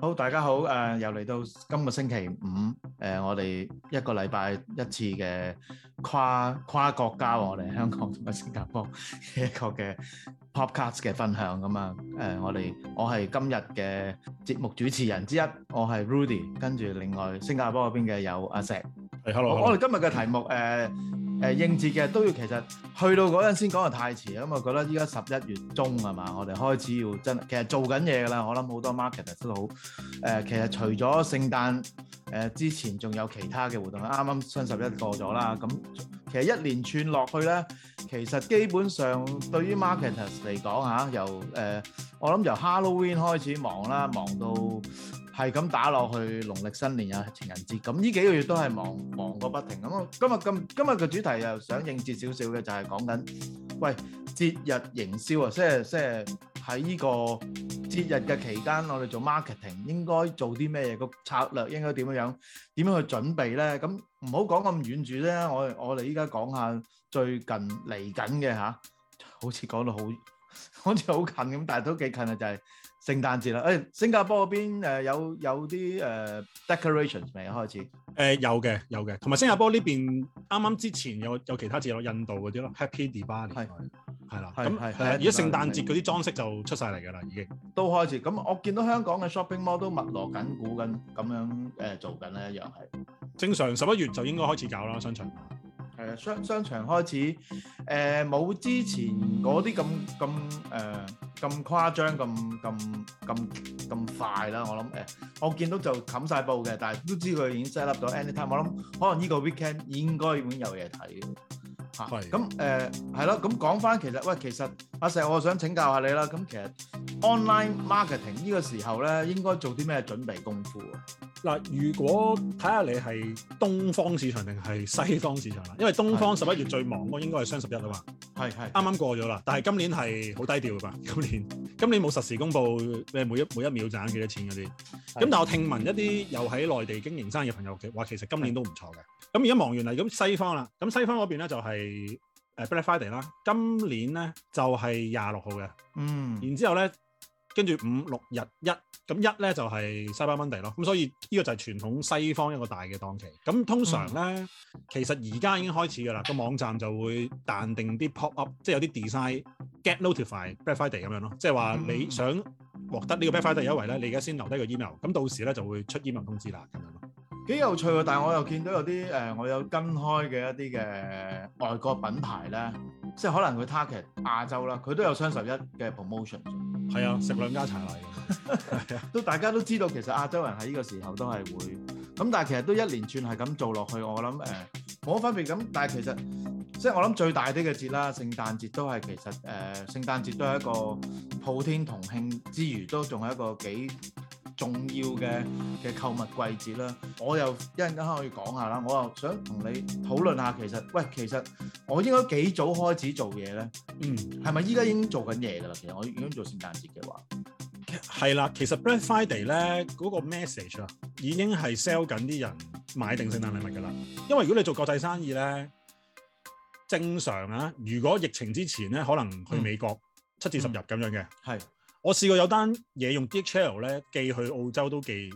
好，大家好，誒，又嚟到今個星期五，誒，我哋一個禮拜一次嘅跨跨國家，我哋香港同埋新加坡嘅一個嘅 Podcast 嘅分享咁啊，誒，我哋我係今日嘅節目主持人之一，我係 Rudi，跟住另外新加坡嗰邊嘅有阿石，係，hello，我哋今日嘅題目，誒。誒、啊、應節嘅都要，其實去到嗰陣先講就太遲。咁我覺得依家十一月中係嘛，我哋開始要真其實做緊嘢㗎啦。我諗好多 marketers 都好誒、呃，其實除咗聖誕誒、呃、之前，仲有其他嘅活動。啱啱雙十一過咗啦，咁、嗯、其實一連串落去咧，其實基本上對於 marketers 嚟講嚇、啊，由誒、呃、我諗由 Halloween 開始忙啦，忙到。係咁打落去，農曆新年又情人節，咁呢幾個月都係忙忙個不停。咁我今日今今日嘅主題又想應節少少嘅，就係講緊，喂，節日營銷啊，即係即係喺呢個節日嘅期間，我哋做 marketing 應該做啲咩嘢？個策略應該點樣樣？點樣去準備咧？咁唔好講咁遠住咧。我我哋依家講下最近嚟緊嘅嚇，好似講到好好似好近咁，但係都幾近啊，就係、是。聖誕節啦，誒、哎、新加坡嗰邊、呃、有有啲誒 decorations 未開始？誒有嘅有嘅，同埋新加坡呢邊啱啱之前有有其他節咯，印度嗰啲咯，Happy Diwali 係係啦，咁而家聖誕節嗰啲裝飾就出晒嚟㗎啦，已經都開始。咁我見到香港嘅 shopping mall 都密鑼緊鼓緊咁樣誒做緊啦，一樣係正常十一月就應該開始搞啦，商場。誒商、呃、商場開始，誒、呃、冇之前嗰啲咁咁誒咁誇張，咁咁咁咁快啦。我諗誒、呃，我見到就冚晒布嘅，但係都知佢已經 set up 到 Anytime，我諗可能呢個 weekend 應該會有嘢睇。係、啊。咁誒係咯，咁、呃、講翻其實喂，其實阿石，我想請教下你啦。咁其實 online marketing 呢個時候咧，應該做啲咩準備功夫？嗱，如果睇下你係東方市場定係西方市場啦，因為東方十一月最忙咯，應該係雙十一啊嘛。係係，啱啱過咗啦，但係今年係好低調㗎嘛。今年今年冇實時公佈咩每一每一秒賺幾多錢嗰啲。咁是但我聽聞一啲又喺內地經營生意嘅朋友話，其實今年都唔錯嘅。咁而家忙完啦，咁西方啦，咁西方嗰邊咧就係誒 Black Friday 啦。今年咧就係廿六號嘅，嗯，然之後咧。跟住五六日一咁一呢就係、是、西班牙 m o n d 所以呢、這個就係傳統西方一個大嘅檔期。咁通常呢，嗯、其實而家已經開始㗎啦。個網站就會淡定啲 pop up，即係有啲 design get notified b l a f i Friday 咁樣咯，即係話你想獲得呢個 b l a f i Friday 優惠咧，你而家先留低個 email，咁到時呢就會出 email 通知啦，咁樣咯。幾有趣喎！但係我又見到有啲誒、呃，我有跟開嘅一啲嘅外國品牌呢，即係可能佢 target 亞洲啦，佢都有雙十一嘅 promotion。係啊，食、嗯、兩家茶禮。都、 嗯、大家都知道，其實亞洲人喺呢個時候都係會咁，但係其實都一連串係咁做落去。我諗誒冇乜分別咁，但係其實即係我諗最大啲嘅節啦，聖誕節都係其實誒、呃，聖誕節都係一個普天同慶之餘，都仲係一個幾重要嘅嘅購物季節啦，我又一陣間可以講下啦。我又想同你討論下，其實喂，其實我應該幾早開始做嘢咧。嗯，係咪依家已經做緊嘢噶啦？其實我已經做聖誕節嘅話，係啦。其實 Black Friday 咧嗰、嗰個 message 啊，已經係 sell 緊啲人買定聖誕禮物噶啦。因為如果你做國際生意咧，正常啊，如果疫情之前咧，可能去美國七至十日咁樣嘅。係、嗯。我試過有單嘢用 DHL 咧寄去澳洲都寄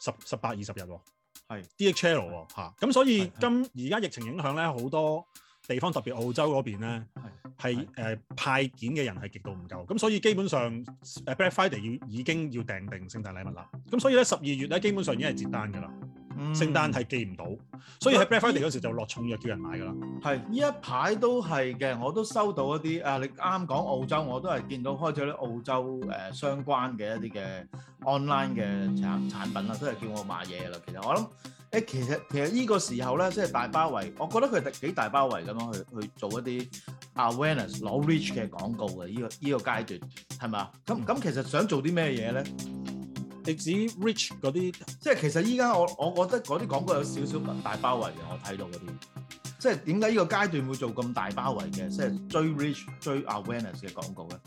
十十八二十日喎，係 DHL 喎嚇，咁所以今而家疫情影響咧，好多地方特別澳洲嗰邊咧係誒派件嘅人係極度唔夠，咁所以基本上誒 Black Friday 要已經要訂定聖誕禮物啦，咁所以咧十二月咧基本上已經係接單㗎啦。嗯、聖誕係寄唔到，所以喺 Black Friday 嗰時就落重藥叫人買㗎啦。係呢一排都係嘅，我都收到一啲誒，你啱講澳洲，我都係見到開咗啲澳洲誒相關嘅一啲嘅 online 嘅產產品啦，都係叫我買嘢啦。其實我諗誒，其實其實呢個時候咧，即係大包圍，我覺得佢幾大包圍咁樣去去做一啲 awareness 攞 reach 嘅廣告嘅呢個呢個階段係咪？咁咁其實想做啲咩嘢咧？你指 reach 嗰啲，即係其實依家我我覺得嗰啲廣告有少少大包圍嘅，我睇到嗰啲，即係點解呢個階段會做咁大包圍嘅，即係最 reach 最 awareness 嘅廣告咧？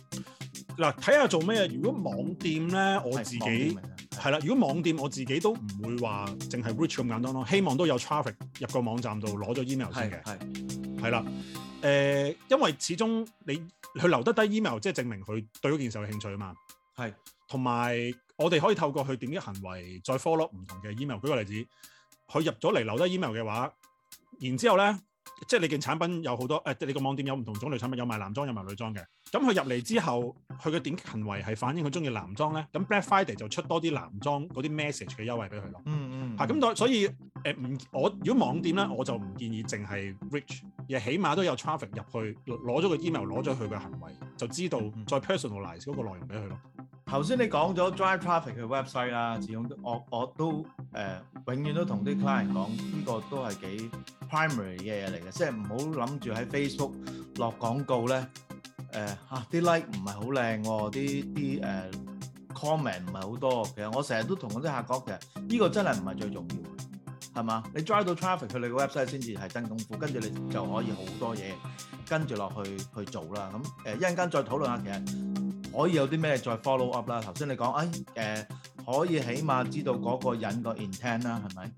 嗱，睇下做咩？如果網店咧，我自己係啦。如果網店我自己都唔會話淨係 reach 咁簡單咯，希望都有 traffic 入個網站度攞咗 email 先嘅。係係啦，誒、呃，因為始終你佢留得低 email，即係證明佢對嗰件事有興趣啊嘛。係同埋。我哋可以透過佢點擊行為再 follow 唔同嘅 email。舉個例子，佢入咗嚟留低 email 嘅話，然之後呢。即係你件產品有好多，即、呃、誒，你個網店有唔同種類產品，有賣男裝，有賣男裝有賣女裝嘅。咁佢入嚟之後，佢嘅點擊行為係反映佢中意男裝咧。咁 Black Friday 就出多啲男裝嗰啲 message 嘅優惠俾佢咯。嗯嗯嗯。咁、啊、所以，誒、呃、唔，我如果網店咧，嗯、我就唔建議淨係 reach 而係起碼都有 traffic 入去攞咗個 email，攞咗佢嘅行為，就知道、嗯、再 personalize 嗰個內容俾佢咯。頭先你講咗 drive traffic 嘅 website 啦，始終我我都誒。呃永遠都同啲 client 講，呢個都係幾 primary 嘅嘢嚟嘅，即係唔好諗住喺 Facebook 落廣告咧。誒嚇啲 like 唔係好靚，啲啲誒 comment 唔係好多。其實我成日都同我啲客講嘅，呢個真係唔係最重要，係嘛？你 drive 到 traffic 佢哋個 website 先至係真功夫，跟住你就可以好多嘢跟住落去去做啦。咁誒一陣間再討論下，其實可以有啲咩再 follow up 啦。頭先你講，誒誒。可以起碼知道嗰個人個 intent 啦，係咪？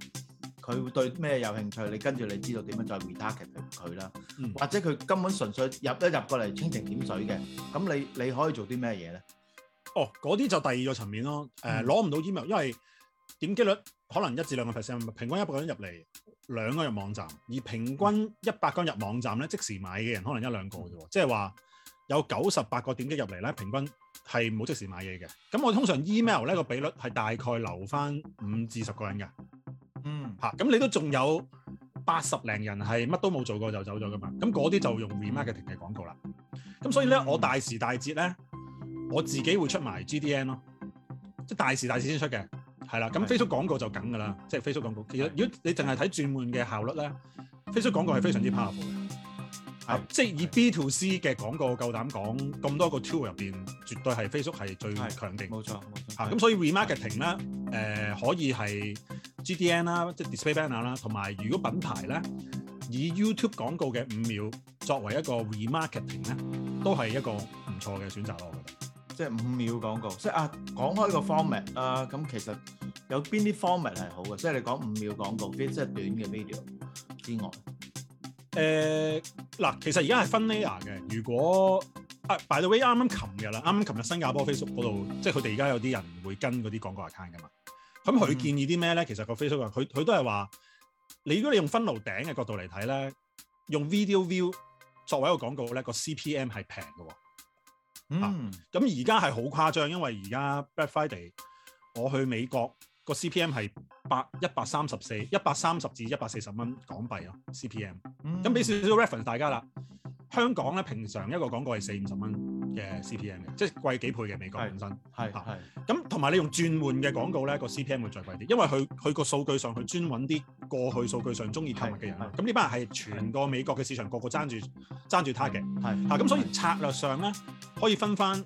佢會對咩有興趣？你跟住你知道點樣再 retarget 佢啦，嗯、或者佢根本純粹入一入過嚟蜻蜓點水嘅，咁你你可以做啲咩嘢咧？哦，嗰啲就第二個層面咯。誒、呃，攞唔、嗯、到 email，因為點擊率可能一至兩個 percent，平均一百個人入嚟兩個入網站，而平均一百個人入網站咧，即時買嘅人可能一兩個啫喎，嗯、即係話有九十八個點擊入嚟咧，平均。係唔好即時買嘢嘅，咁我通常 email 呢個比率係大概留翻五至十個人㗎，嗯，嚇，啊，咁你都仲有八十零人係乜都冇做過就走咗㗎嘛，咁嗰啲就用 remarketing 嘅廣告啦，咁所以咧我大時大節咧我自己會出埋 GDN 咯，即係大時大時先出嘅，係啦，咁 Facebook 廣告就梗㗎啦，即係 Facebook 廣告，其實如果你淨係睇轉換嘅效率咧，嗯，Facebook 廣告係非常之 powerful。啊、是即係以 B to C 嘅廣告是夠膽講咁多個 tool 入邊，絕對係 Facebook 係最強勁。冇錯，嚇咁、啊、是所以 remarketing 咧，誒可以係 GDN 啦，即、就、係、是、display banner 啦，同埋如果品牌咧以 YouTube 廣告嘅五秒作為一個 remarketing 咧，都係一個唔錯嘅選擇咯。我覺得即係五秒廣告，即係啊講開個 format 啦，咁其實有邊啲 format 係好嘅？即係你講五秒廣告，即係短嘅 video 之外。誒嗱，其實而家係分 layer 嘅。如果啊，by the way 啱啱琴日啦，啱啱琴日新加坡 Facebook 嗰度，即係佢哋而家有啲人會跟嗰啲廣告 account 噶嘛。咁佢建議啲咩咧？其實個 Facebook 佢佢都係話，你如果你用分樓頂嘅角度嚟睇咧，用 video view 作為一個廣告咧，個 CPM 係平嘅。嗯、mm。咁而家係好誇張，因為而家 Black Friday，我去美國。個 C P M 係百一百三十四，一百三十至一百四十蚊港幣啊！C P M，咁俾少少 reference 大家啦。香港咧平常一個廣告係四五十蚊嘅 C P M 嘅，即係貴幾倍嘅美國本身。係係咁，同埋、啊、你用轉換嘅廣告咧，個、嗯、C P M 會再貴啲，因為佢佢個數據上去專揾啲過去數據上中意購物嘅人啦。咁呢班人係全個美國嘅市場是個個爭住爭住 target。係吓咁，啊、所以策略上咧可以分翻。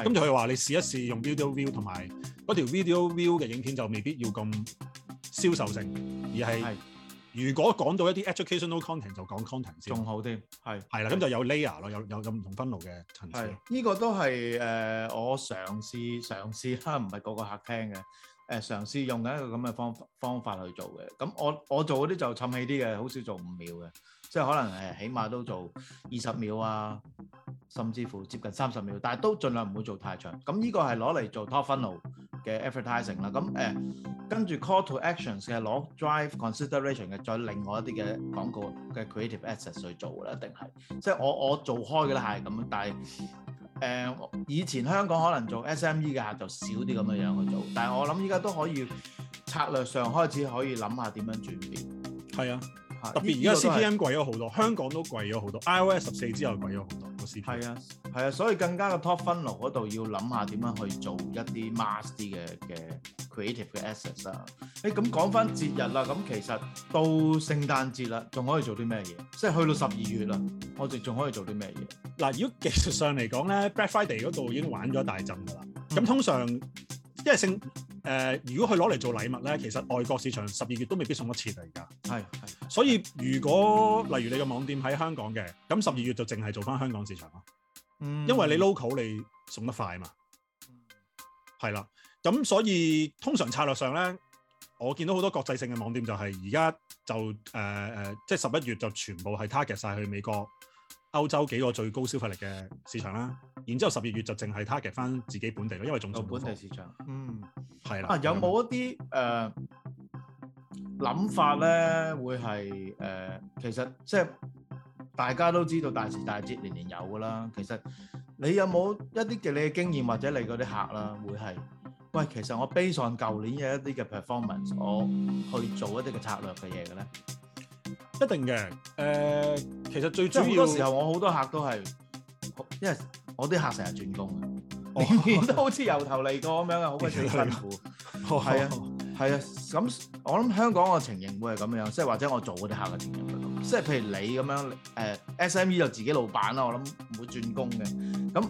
咁就佢話你試一試用 video view，同埋嗰條 video view 嘅影片就未必要咁銷售性，而係如果講到一啲 educational content 就講 content 先，仲好啲。係係啦，咁的是就有 layer 咯，有有有唔同分路嘅層次。呢、這個都係誒、呃、我嘗試嘗試啦，唔係個個客聽嘅誒、呃，嘗試用緊一個咁嘅方方法去做嘅。咁我我做嗰啲就沉氣啲嘅，好少做五秒嘅。即係可能誒，起碼都做二十秒啊，甚至乎接近三十秒，但係都盡量唔會做太長。咁呢個係攞嚟做 top funnel 嘅 advertising 啦。咁誒，跟、呃、住 call to actions 嘅攞 drive consideration 嘅，再另外一啲嘅廣告嘅 creative assets 去做咧，一定係。即係我我做開嘅啦，係咁。但係誒、呃，以前香港可能做 SME 嘅客就少啲咁嘅樣去做，但係我諗而家都可以策略上開始可以諗下點樣轉變。係啊。特別而家 C P M 貴咗好多，嗯、香港都貴咗好多，I O S 十四、嗯、之後貴咗好多。係、嗯、啊，係啊，所以更加嘅 Top funnel 嗰度要諗下點樣、嗯、去做一啲 Master 嘅嘅 Creative 嘅 Assets 啊。誒、嗯，咁講翻節日啦，咁其實到聖誕節啦，仲可以做啲咩嘢？即、就、係、是、去到十二月啦，嗯、我哋仲可以做啲咩嘢？嗱、嗯，如果技術上嚟講咧，Black Friday 嗰度已經玩咗一大陣㗎啦。咁、嗯、通常即係聖。誒、呃，如果佢攞嚟做禮物咧，嗯、其實外國市場十二月都未必送得切嚟，而家係，所以如果、嗯、例如你個網店喺香港嘅，咁十二月就淨係做翻香港市場咯，嗯、因為你 local 你送得快嘛，係啦。咁所以通常策略上咧，我見到好多國際性嘅網店就係而家就誒誒、呃，即係十一月就全部係 target 晒去美國。歐洲幾個最高消費力嘅市場啦，然之後十二月就淨係 target 翻自己本地咯，因為仲體本地市場，嗯，係啦、啊。有冇一啲誒諗法咧？會係誒、呃，其實即係大家都知道大時大節年年有噶啦。其實你有冇一啲嘅你嘅經驗，或者你嗰啲客啦，會係喂，其實我 base on 舊年嘅一啲嘅 performance，我去做一啲嘅策略嘅嘢嘅咧？一定嘅，誒、呃，其實最主要好多時候，我好多客都係，因為我啲客成日轉工嘅，我覺得好似由頭嚟過咁樣嘅，好鬼辛苦。係、嗯嗯嗯、啊，係 啊，咁、啊、我諗香港嘅情形會係咁樣，即係或者我做嗰啲客嘅情形會咁，即係譬如你咁樣，誒、呃、SME 就自己老闆啦，我諗唔會轉工嘅，咁。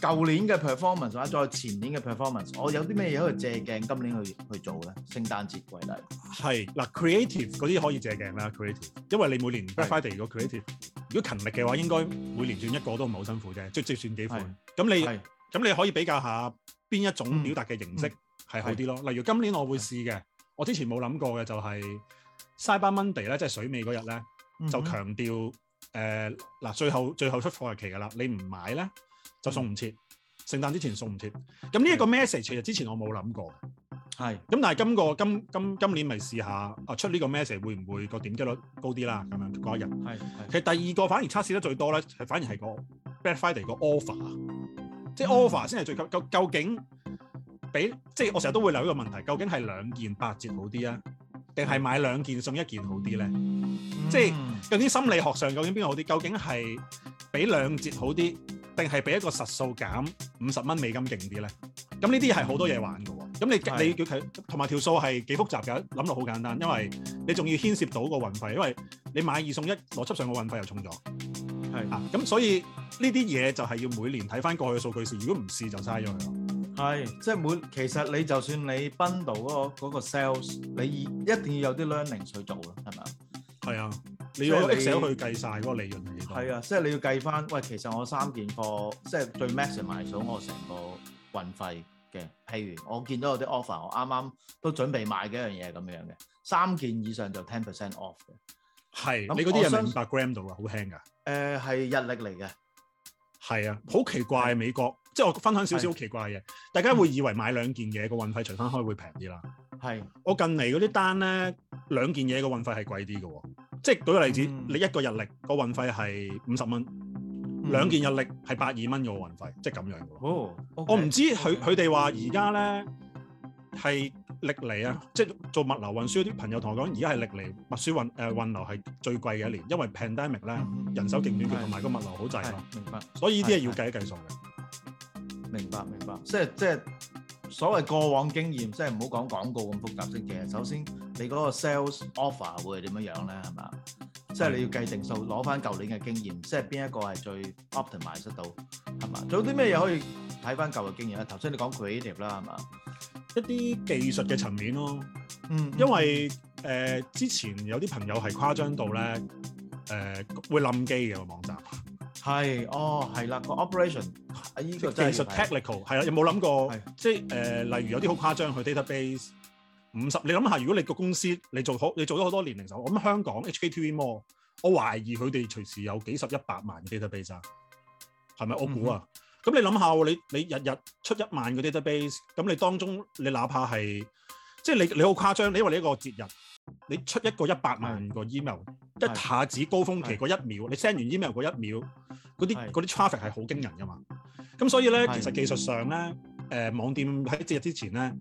舊年嘅 performance 或者再前年嘅 performance，我有啲咩嘢可以借鏡今年去去做咧？聖誕節季底係嗱 creative 嗰啲可以借鏡啦，creative，因為你每年 backfire 如果 creative，如果勤力嘅話，應該每年轉一個都唔係好辛苦啫，即最算，算幾款。咁是你咁是你可以比較下邊一種表達嘅形式係、嗯、好啲咯。是例如今年我會試嘅，是我之前冇諗過嘅就係 Cyber Monday 咧，即係水尾嗰日咧，就強調誒嗱、嗯，最後最後出貨日期㗎啦，你唔買咧。就送唔切，聖誕之前送唔切。咁呢一個 message 其實之前我冇諗過，係。咁但係今個今今今年咪試下啊，出呢個 message 會唔會個點擊率高啲啦？咁樣嗰一日。係係。其實第二個反而測試得最多咧，係反而係個 Black Friday 個 offer，即係 offer 先係最高。究究竟俾即係我成日都會諗一個問題，究竟係兩件八折好啲啊，定係買兩件送一件好啲咧？即係究竟心理學上究竟邊個好啲？究竟係俾兩折好啲？定係俾一個實數減五十蚊美金勁啲咧？咁呢啲係好多嘢玩㗎喎。咁你你叫佢同埋條數係幾複雜㗎？諗落好簡單，因為你仲要牽涉到個運費，因為你買二送一，邏輯上嘅運費又重咗。係啊，咁所以呢啲嘢就係要每年睇翻過去嘅數據先。如果唔試就嘥咗佢咯。係，即係每其實你就算你 bundle 到嗰嗰個 sales，你一定要有啲 learning 去做咯，係咪？係啊。你用嚟 x 去計晒嗰個利潤係咪？係啊，即係你要計翻。喂，其實我三件貨，即係最 max 埋咗我成個運費嘅。譬如我見到有啲 offer，我啱啱都準備買嘅一樣嘢係咁樣嘅。三件以上就 ten percent off 嘅。係，你嗰啲係咪五百 gram 度啊？好輕㗎。誒，係日曆嚟嘅。係啊，好奇怪美國，即係我分享少少好奇怪嘅。大家會以為買兩件嘢個運費除翻開會平啲啦。係，我近嚟嗰啲單咧，兩件嘢個運費係貴啲嘅。即係舉個例子，嗯、你一個日曆個運費係五十蚊，嗯、兩件日曆係百二蚊嘅運費，即係咁樣嘅。哦，okay，我唔知佢佢哋話而家咧係歷嚟啊，即係 okay,、嗯、做物流運輸啲朋友同我講，而家係歷嚟物輸運誒、呃、運流係最貴嘅一年，因為 pandemic 咧人手勁短缺同埋、嗯、個物流好滯、嗯、明，明，明白，所以呢啲嘢要計一計數嘅。明白明白，即係即係。所謂過往經驗，即係唔好講廣告咁複雜式嘅。首先，你嗰個 sales offer 會係點樣樣咧？係嘛，即係你要計定數，攞翻舊年嘅經驗，即係邊一個係最 optimise 到，係嘛？仲、嗯、有啲咩嘢可以睇翻舊嘅經驗咧？頭先你講 creative 啦，係嘛？一啲技術嘅層面咯，嗯，因為誒、呃、之前有啲朋友係誇張到咧，誒、呃、會冧機嘅個網站。係哦，係啦，個 operation，即係、啊、技術 technical，係啦，有冇諗過？的即係誒，呃嗯、例如、嗯、有啲好誇張，佢 database 五十，你諗下，如果你個公司你做好，你做咗好多年零售，我諗香港 HKTV mall，我懷疑佢哋隨時有幾十一百萬嘅 database，啊，係咪、嗯哼？我估啊，咁你諗下喎，你你日日出一萬個 database，咁你當中你哪怕係，即係你你好誇張，你話你一個節日。你出一個一百萬個 email，一下子高峰期嗰一秒，你 send 完 email 嗰一秒，嗰啲啲 traffic 係好驚人㗎嘛？咁所以咧，其實技術上咧，誒，網店喺節日之前咧，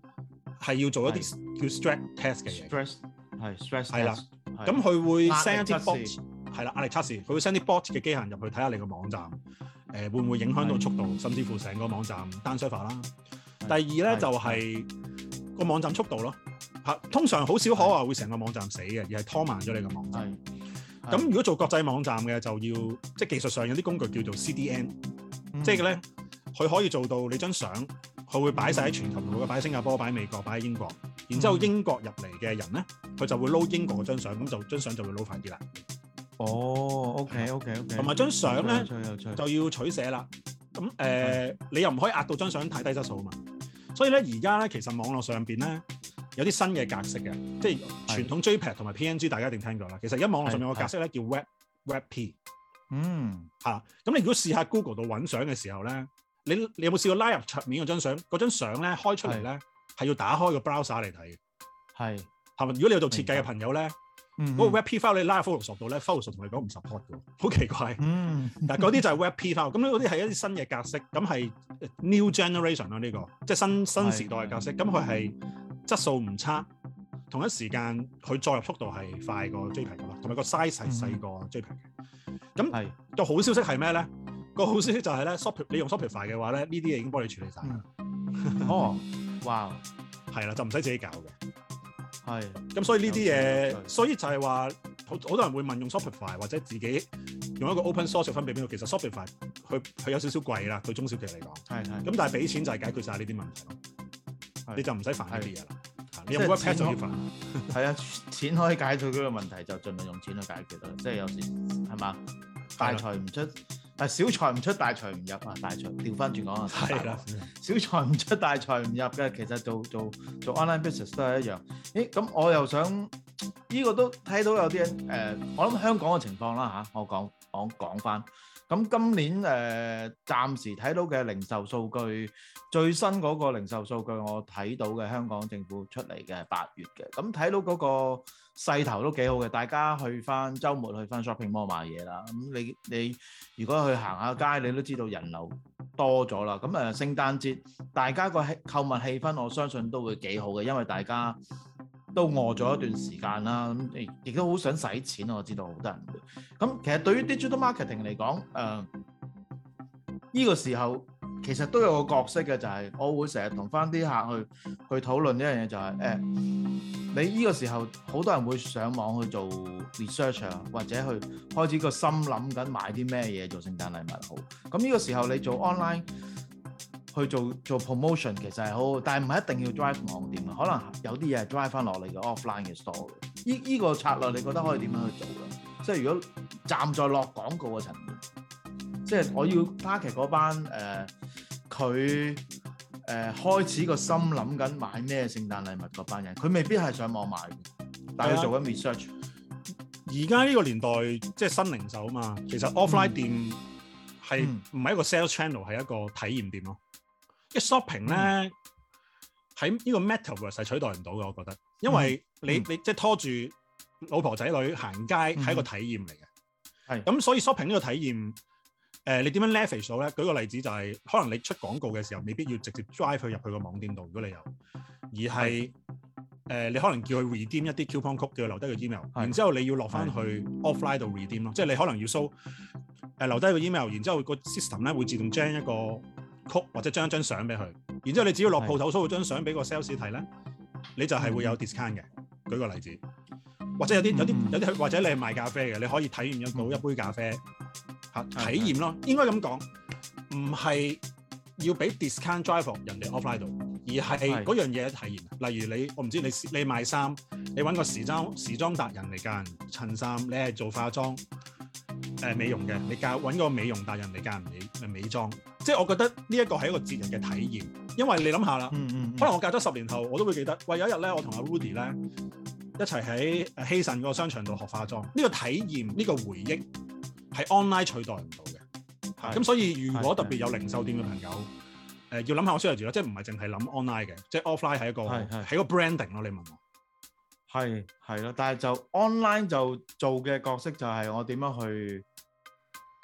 係要做一啲叫 stress test 嘅嘢。stress 係 stress 係啦，咁佢會 send 啲 bot，係啦壓力測試，佢會 send 啲 bot 嘅機械人入去睇下你個網站，誒，會唔會影響到速度，甚至乎成個網站單 server 啦。第二咧就係。個網站速度咯，嚇、啊，通常好少可話會成個網站死嘅，而係拖慢咗你個網站。咁、嗯、如果做國際網站嘅就要，嗯、即係技術上有啲工具叫做 CDN，嗯、即係咧，佢可以做到你張相佢會擺晒喺全球度嘅，擺喺、嗯、新加坡、擺喺美國、擺喺英國，然之後英國入嚟嘅人咧，佢就會撈英國嘅張相，咁就張相就會撈快啲啦。哦，OK OK OK，同埋張相咧就要取捨啦，咁誒、呃、趣你又唔可以壓到張相太低質素啊嘛。所以咧，而家咧，其實網絡上邊咧有啲新嘅格式嘅，即係傳統 JPEG 同埋 PNG，大家一定聽過啦。其實而家網絡上面有個格式咧叫 Web WebP。嗯。吓、啊，咁你如果試下 Google 度揾相嘅時候咧，你你有冇試過拉入桌面嗰張相？嗰張相咧開出嚟咧係要打開個 browser 嚟睇。係。係咪？如果你有做設計嘅朋友咧？嗰、嗯嗯、個 WebP file 你拉 Four 六十度咧，Four 六十同你講唔 support 嘅，好奇怪。嗯、mm，hmm. 但係啲就係 WebP file，咁咧啲係一啲新嘅格式，咁係 new generation 啦呢個，即係新新時代嘅格式。咁佢係質素唔差，同一時間佢載入速度係快過 JPEG 嘅啦，同埋個 size 係細過 JPEG 嘅。咁係。就好消息係咩咧？那個好消息就係、是、咧，你用 s h o p i f y 嘅話咧，呢啲嘢已經幫你處理晒啦。哦、mm，哇，係啦，就唔使自己搞嘅。係，咁、嗯、所以呢啲嘢，對所以就係話，好好多人會問用 Shopify 或者自己用一個 open source 分辨邊個，其實 Shopify 佢佢有少少貴啦，對中小企嚟講，係係的，咁、嗯、但係俾錢就係解決晒呢啲問題，的你就唔使煩呢啲嘢啦，的對你有冇一 pat 就要煩。係啊，錢可以解決嗰個問題，就盡量用錢去解決得啦，即係有時係嘛，大財唔出小財唔出大財唔入啊！大財調翻轉講啊，係啦，小財唔出大財唔入嘅，其實做做做 online business 都係一樣。咦，咁我又想呢個都睇到有啲人誒，我諗香港嘅情況啦，吓，我講。講講翻，咁今年誒暫時睇到嘅零售數據，最新嗰個零售數據我睇到嘅香港政府出嚟嘅係八月嘅，咁睇到嗰個勢頭都幾好嘅，大家去翻週末去翻 shopping mall 買嘢啦，咁你你如果去行下街，你都知道人流多咗啦，咁啊聖誕節大家個氣購物氣氛我相信都會幾好嘅，因為大家。都餓咗一段時間啦，咁亦都好想使錢，我知道好多人，咁其實對於 digital marketing 嚟講，誒、呃，依、這個時候其實都有個角色嘅，就係、是、我會成日同返啲客去去討論一樣嘢，就係、是呃、你依個時候好多人會上網去做 research 或者去開始個心諗緊買啲咩嘢做聖誕禮物好。咁呢個時候你做 online。去做做 promotion 其實係好，但係唔係一定要 drive 網店啊？可能有啲嘢係 drive 翻落嚟嘅 offline 嘅 store 嘅。依、這、依個策略你覺得可以點樣去做咧？嗯、即係如果站在落廣告嘅層面，即係我要 target 嗰班誒，佢、呃、誒、呃、開始個心諗緊買咩聖誕禮物嗰班人，佢未必係上網買，但係佢做緊 research、嗯。而家呢個年代即係新零售啊嘛，其實 offline 店係唔係一個 sales channel，係一個體驗店咯。shopping 咧，喺呢、嗯、個 metaverse 係取代唔到嘅，我覺得，因為你、嗯、你即係、就是、拖住老婆仔女行街，係、嗯、一個體驗嚟嘅。係是。咁所以 shopping 呢個體驗，誒、呃、你點樣 leverage 到咧？舉個例子就係、是，可能你出廣告嘅時候，未必要直接 drive 佢入去個網店度。如果你有，而係誒是、呃、你可能叫佢 redeem 一啲 coupon code，叫佢留低個 email，然之後你要落翻去 offline 度 redeem 咯。即係你可能要搜誒留低個 email，然之後個 system 咧會自動將一個，曲或者將一張相俾佢，然之後你只要落鋪頭 show 張相俾個 sales 睇咧，你就係會有 discount 嘅。舉個例子，或者有啲、嗯嗯、有啲有啲，或者你係賣咖啡嘅，你可以體驗一到、嗯嗯、一杯咖啡嚇體驗咯。嗯嗯，應該咁講，唔係要俾 discount drive 人哋 offline 度，嗯嗯、而係嗰樣嘢體驗。是的 例如你我唔知你你賣衫，你揾個時裝時裝達人嚟教人襯衫，你係做化妝誒、呃、美容嘅，你教揾個美容達人嚟教人美美妝。即係我覺得呢一個係一個節日嘅體驗，因為你諗下啦，嗯嗯嗯可能我隔咗十年後，我都會記得。喂，有一日咧，我同阿 Rudi 咧一齊喺希慎個商場度學化妝。呢個體驗，呢個回憶係 online 取代唔到嘅。咁的所以如果特別有零售店嘅朋友，誒的、呃、要諗下我書係住啦，即係唔係淨係諗 online 嘅，即係 offline 係一個係係係個 branding 咯。你問我係係咯，但係就 online 就做嘅角色就係我點樣去。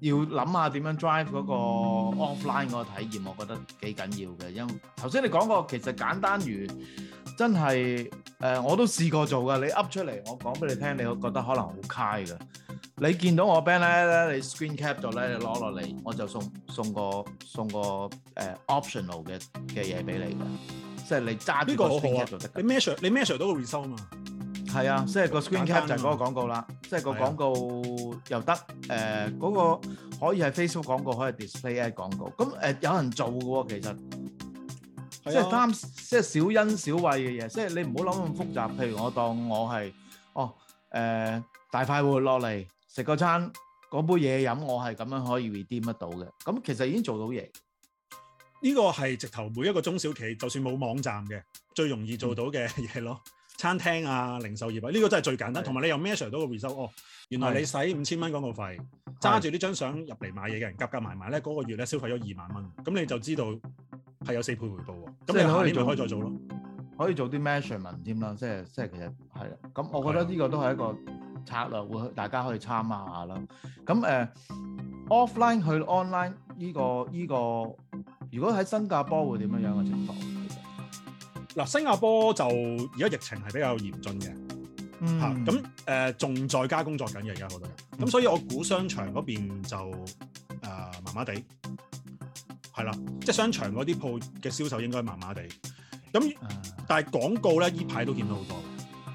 要諗下點樣 drive 嗰個 offline 嗰個體驗，我覺得幾緊要嘅。因為頭先你講過其實簡單如真係誒、呃，我都試過做㗎。你 Up 出嚟，我講俾你聽，你會覺得可能好 high 㗎。你見到我 band 咧，你 screen cap 咗咧，你攞落嚟，我就送送個送個誒、呃、optional 嘅嘅嘢俾你㗎，即係你揸呢個,就個好啊，你 measure 你 measure 到個 result 嘛。係啊，即係個 screen cap 就係嗰個廣告啦，即係個廣告又得，誒嗰個可以係 Facebook 廣告，可以係 display ad 廣告，咁誒有人做嘅喎，其實即係啱，即係小恩小惠嘅嘢，即係你唔好諗咁複雜。譬如我當我係哦誒大快活落嚟食個餐，嗰杯嘢飲，我係咁樣可以 redeem 得到嘅，咁其實已經做到嘢。呢個係直頭每一個中小企，就算冇網站嘅，最容易做到嘅嘢咯。餐廳啊，零售業啊，呢、這個真係最簡單。同埋的你又 measure 到個 result 哦，原來你使五千蚊廣告費，揸住呢張相入嚟買嘢嘅人夾夾埋埋咧，嗰的、那個月咧消費咗二萬蚊，咁你就知道係有四倍回報喎。咁你下年就可以再做咯，可以做啲 measurement 添、嗯、啦。即係即係其實係啦。咁我覺得呢個都係一個策略，會的大家可以參考下啦。咁誒、呃、，offline 去 online 呢、這個呢、這個這個，如果喺新加坡會點樣樣嘅情況？嗱，新加坡就而家疫情係比較嚴峻嘅，嚇咁誒仲在家工作緊嘅，而家好多人，咁所以我估商場嗰邊就誒麻麻地，係啦，即係商場嗰啲鋪嘅銷售應該麻麻地，咁但係廣告咧呢排都見到好多，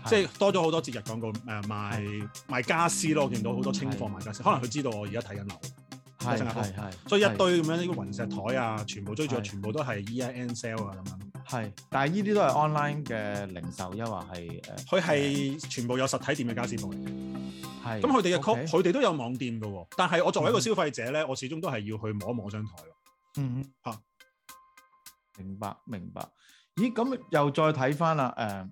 即係多咗好多節日廣告誒賣賣傢俬咯，我見到好多清貨賣傢俬，可能佢知道我而家睇緊樓喺新加坡，所以一堆咁樣呢個雲石台啊，全部追住，全部都係 EIN Sale 啊咁樣。係，但係呢啲都係 online 嘅零售，一話係誒，佢、呃、係全部有實體店嘅家俬鋪嚟，係、嗯。咁佢哋嘅佢哋都有網店噶喎。但係我作為一個消費者咧，嗯、我始終都係要去摸一摸張台，嗯，嚇、啊，明白明白。咦，咁又再睇翻啦。誒、呃，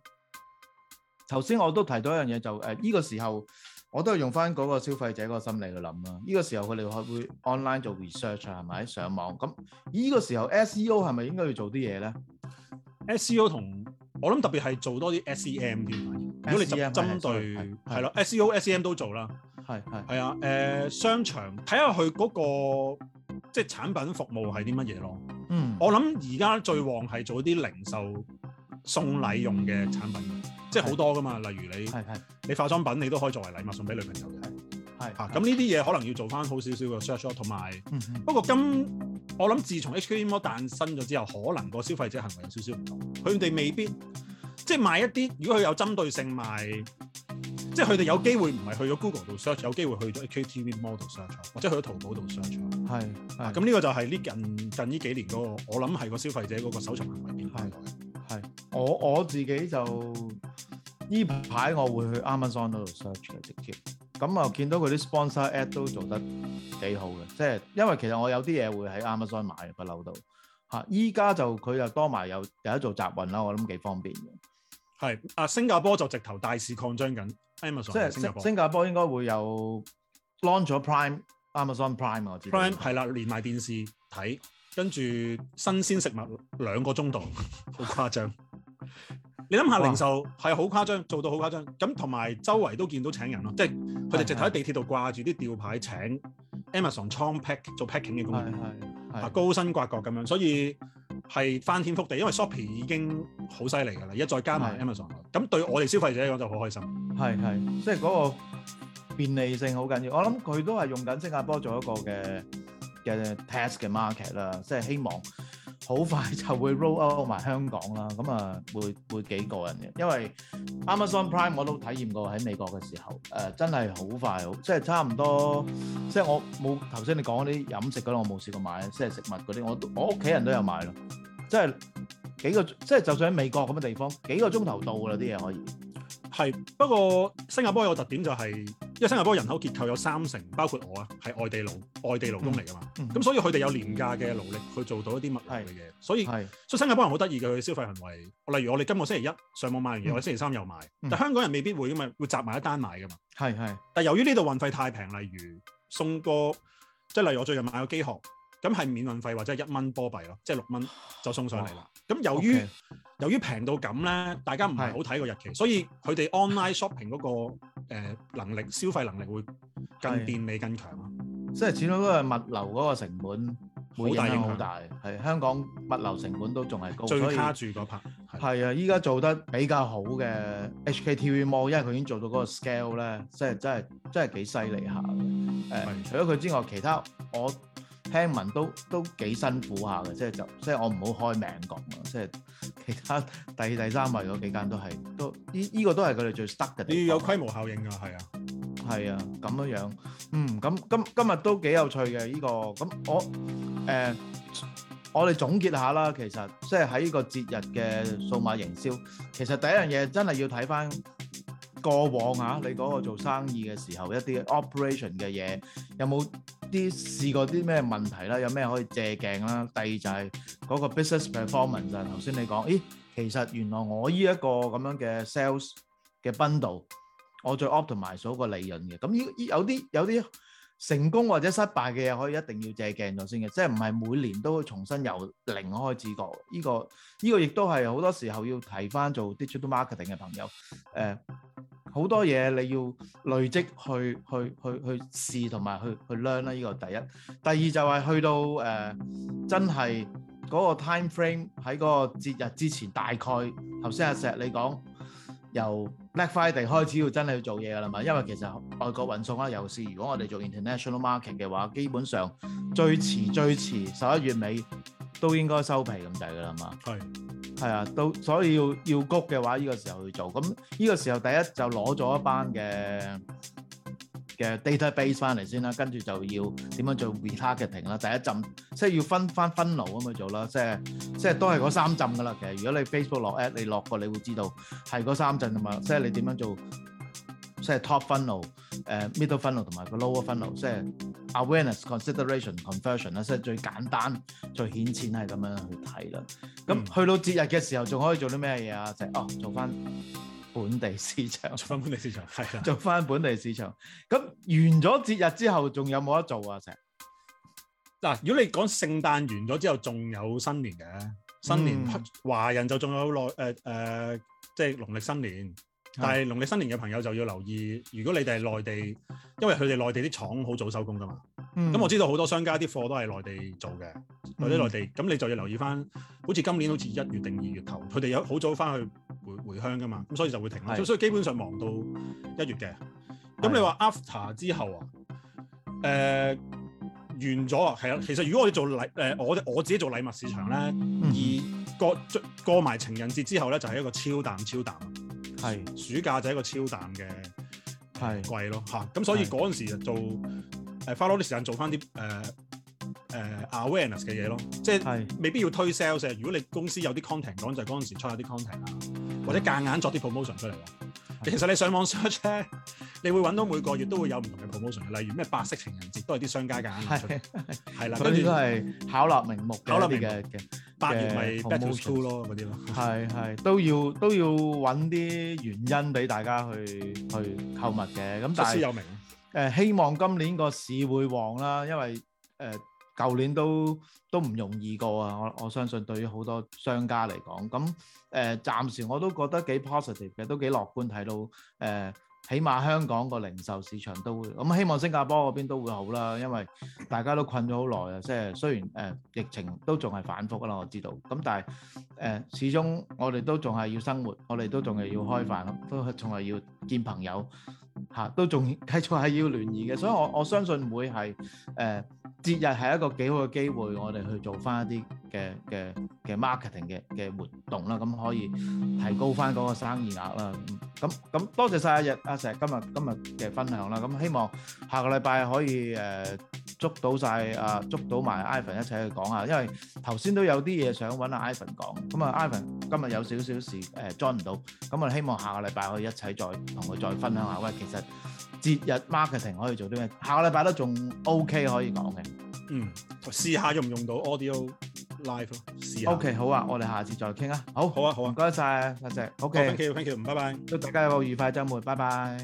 頭先我都提到一樣嘢，就誒依、呃呢個時候我都係用翻嗰個消費者個心理去諗啦。呢、呢個時候佢哋會會 online 做 research 啊，係咪上網？咁呢個時候 SEO 係咪應該要做啲嘢咧？SEO 同我諗特別係做多啲 SEM 添，如果你針針對係咯，SEO、SEM 都做啦。係係係啊，誒商場睇下佢嗰個即係產品服務係啲乜嘢咯。嗯，我諗而家最旺係做啲零售送禮用嘅產品，即係好多噶嘛。例如你係係你化妝品，你都可以作為禮物送俾女朋友。係係嚇，咁呢啲嘢可能要做翻好少少嘅 search 同埋不過今。我諗自從 H K T V mall 誕生咗之後，可能個消費者行為有少少唔同，佢哋未必即係買一啲。如果佢有針對性買，即係佢哋有機會唔係去咗 Google 度 search，有機會去咗 H K T V mall search，或者去咗淘寶度 search。咁呢、啊這個就係呢近近呢幾年嗰、那個，我諗係個消費者嗰個搜尋行為變咗。我我自己就呢排我會去 Amazon 度 search H K 咁啊，嗯、見到佢啲 sponsor ad 都做得幾好嘅，即係因為其實我有啲嘢會喺 Amazon 買不嬲到。嚇，依家就佢又多埋有有得做集運啦，我諗幾方便嘅。係啊，新加坡就直頭大肆擴張緊，即係新，新，新加坡應該會有 launch 咗 Prime Amazon Prime 我知。Prime 係啦的，連埋電視睇，跟住新鮮食物兩個鐘度，好 誇張。 你諗下，零售係好誇張，做到好誇張。咁同埋周圍都見到請人咯，即係佢哋直頭喺地鐵度掛住啲吊牌請 Amazon 倉 pack 做 packing 嘅工人，啊是高薪刮角咁樣，所以係翻天覆地。因為 Shopee 已經好犀利㗎啦，而家再加埋 Amazon，咁是是 對我哋消費者嚟講就好開心。係係，即係嗰個便利性好緊要。我諗佢都係用緊新加坡做一個嘅嘅 test 嘅 market 啦，即係希望。好快就會 roll out 埋香港啦，咁啊會會幾過癮嘅，因為 Amazon Prime 我都體驗過喺美國嘅時候，誒、呃、真係好快，即係差唔多，即係我冇頭先你講嗰啲飲食嗰度，我冇試過買，即係食物嗰啲，我我屋企人都有買咯，即係幾個即係就算喺美國咁嘅地方幾個鐘頭到啦啲嘢可以，係不過新加坡有個特點就係、是。新加坡人口結構有三成，包括我啊，係外地勞、外地勞工嚟㗎嘛。咁、嗯嗯、所以佢哋有廉價嘅勞力去做到一啲物流嘅嘢。所以，所以新加坡人好得意嘅，佢消費行為。例如，我哋今個星期一上網買完嘢，我、嗯、星期三又買。嗯、但香港人未必會，因為會集埋一單買㗎嘛。係係。但由於呢度運費太平，例如送個，即係例如我最近買個機殼。咁係免運費或者係一蚊多幣咯，即係六蚊就送上嚟啦。咁哇由於 Okay. 由於平到咁咧，大家唔係好睇個日期，是所以佢哋 online shopping 嗰個能力消費能力會更便利、更強咯。即係始終都係物流嗰個成本好大，好大係香港物流成本都仲係高，最卡住嗰 part。係啊，依家做得比較好嘅 HKTV Mall，因為佢已經做到嗰個 scale 咧，即係真係真係幾犀利下。誒，除咗佢之外，其他我。聽聞都都幾辛苦下嘅，即係就即係我唔好開名講，即係其他第第三位嗰幾間都係都依依、這個都係佢哋最 stuck 嘅。你要有規模效應㗎，係啊，係啊，咁樣樣，嗯，咁今今日都幾有趣嘅呢、這個，咁我誒、呃、我哋總結下啦，其實即係喺依個節日嘅數碼營銷，其實第一樣嘢真係要睇翻過往。吓，你嗰個做生意嘅時候一啲 operation 嘅嘢有冇？啲試過啲咩問題啦？有咩可以借鏡啦？第二就係嗰個 business performance 就頭先你講，誒，其實原來我呢一個咁樣嘅 sales 嘅 bundle，我最 optimise 咗個利潤嘅。咁呢呢有啲有啲成功或者失敗嘅嘢，可以一定要借鏡咗先嘅，即係唔係每年都重新由零開始過？呢個呢個亦都係好多時候要提翻做 digital marketing 嘅朋友誒。好多嘢你要累積去去去去試同埋去去 learn 啦，呢個第一。第二就係去到誒、呃、真係嗰個 time frame 喺嗰個節日之前，大概頭先阿石你講由 Black Friday 開始要真係要做嘢㗎啦嘛。因為其實外國運送啦，尤其是如果我哋做 international market 嘅話，基本上最遲最遲十一月尾都應該收皮咁滯㗎喇嘛。係。係啊，到所以要要谷嘅話，呢個時候去做。咁呢個時候第一就攞咗一班嘅嘅 database 翻嚟先啦，跟住就要點樣做 retargeting 啦。Ing, 第一浸，即係要分翻分 funnel 咁去做啦，即係即係都係嗰三浸噶啦。其實如果你 Facebook 落 ad 你落過，你會知道係嗰三浸吖嘛，即係你點樣做。即係 top funnel，誒、呃、middle funnel 同埋個 lower funnel，即係 awareness、consideration、conversion 啦，即係最簡單、最顯淺係咁樣去睇啦。咁去到節日嘅時候，仲可以做啲咩嘢啊？石、就是、哦，做翻本地市場，做翻本地市場，係啊， 做翻本地市場。咁完咗節日之後，仲有冇得做啊？石嗱，如果你講聖誕完咗之後，仲有新年嘅新年，嗯、華人就仲有耐誒誒，即、呃、係、呃就是、農曆新年。但係農曆新年嘅朋友就要留意，如果你哋係內地，因為佢哋內地啲廠好早收工㗎嘛。咁、嗯、我知道好多商家啲貨都係內地做嘅，或者內地。咁你就要留意返，好似今年好似一月定二月頭，佢哋有好早返去回回鄉㗎嘛，咁所以就會停。咁是所以基本上忙到一月嘅。咁是你話 after 之後啊，誒、呃、完咗啊，係啦。其實如果我哋做禮誒、呃，我我我自己做禮物市場咧，而過過埋情人節之後咧，就係、是、一個超淡超淡。係，是暑假就係一個超淡嘅季咯嚇，咁是、嗯、所以嗰陣時就做誒是、呃、花多啲時間做翻啲誒誒 awareness 嘅嘢咯，即、就、係、是、是未必要推 sales。如果你公司有啲 content 講，就係嗰陣時出下啲 content 啊是，或者夾硬作啲 promotion 出嚟啦。是其實你上網 search。是 你會揾到每個月都會有唔同嘅 promotion，例如咩白色情人節都係啲商家搞嘅嘢出嚟，係啦，跟住都係巧立名目，巧立名目嘅嘅，八月咪 promotion 咯嗰啲咯，係係都要都要揾啲原因俾大家去去購物嘅，咁但係誒希望今年個市會旺啦，因為誒舊年都都唔容易過啊，我我相信對於好多商家嚟講，咁誒暫時我都覺得幾 positive 嘅，都幾樂觀睇到誒。起碼香港個零售市場都會，咁希望新加坡嗰邊都會好啦，因為大家都困咗好耐啊，即雖然、呃、疫情都仲係反覆啦，我知道。咁但係、呃、始終我哋都仲係要生活，我哋都仲係要開飯，都仲係要見朋友、啊、都仲繼續係要聯誼嘅。嗯、所以我我相信會係誒節日係一個幾好嘅機會，我哋去做翻一啲。嘅嘅嘅 marketing 嘅嘅活動啦，咁可以提高翻嗰個生意額啦。咁咁多謝曬阿日阿石今日今日嘅分享啦。咁希望下個禮拜可以誒捉到曬啊，捉到埋 Ivan 一齊去講下，因為頭先都有啲嘢想揾阿 Ivan 講。咁啊 Ivan 今日有少少事誒 join 唔到，咁我哋希望下個禮拜可以一齊再同佢再分享下。喂，其實節日 marketing 可以做啲咩？下個禮拜都仲 OK 可以講嘅。嗯，試下用唔用到 audio？O、okay, K，好啊，嗯、我哋下次再傾啊。好好啊，好啊，唔該曬，阿石，啊。O K，O K，thank you，拜拜。祝大家有個愉快周末，拜拜。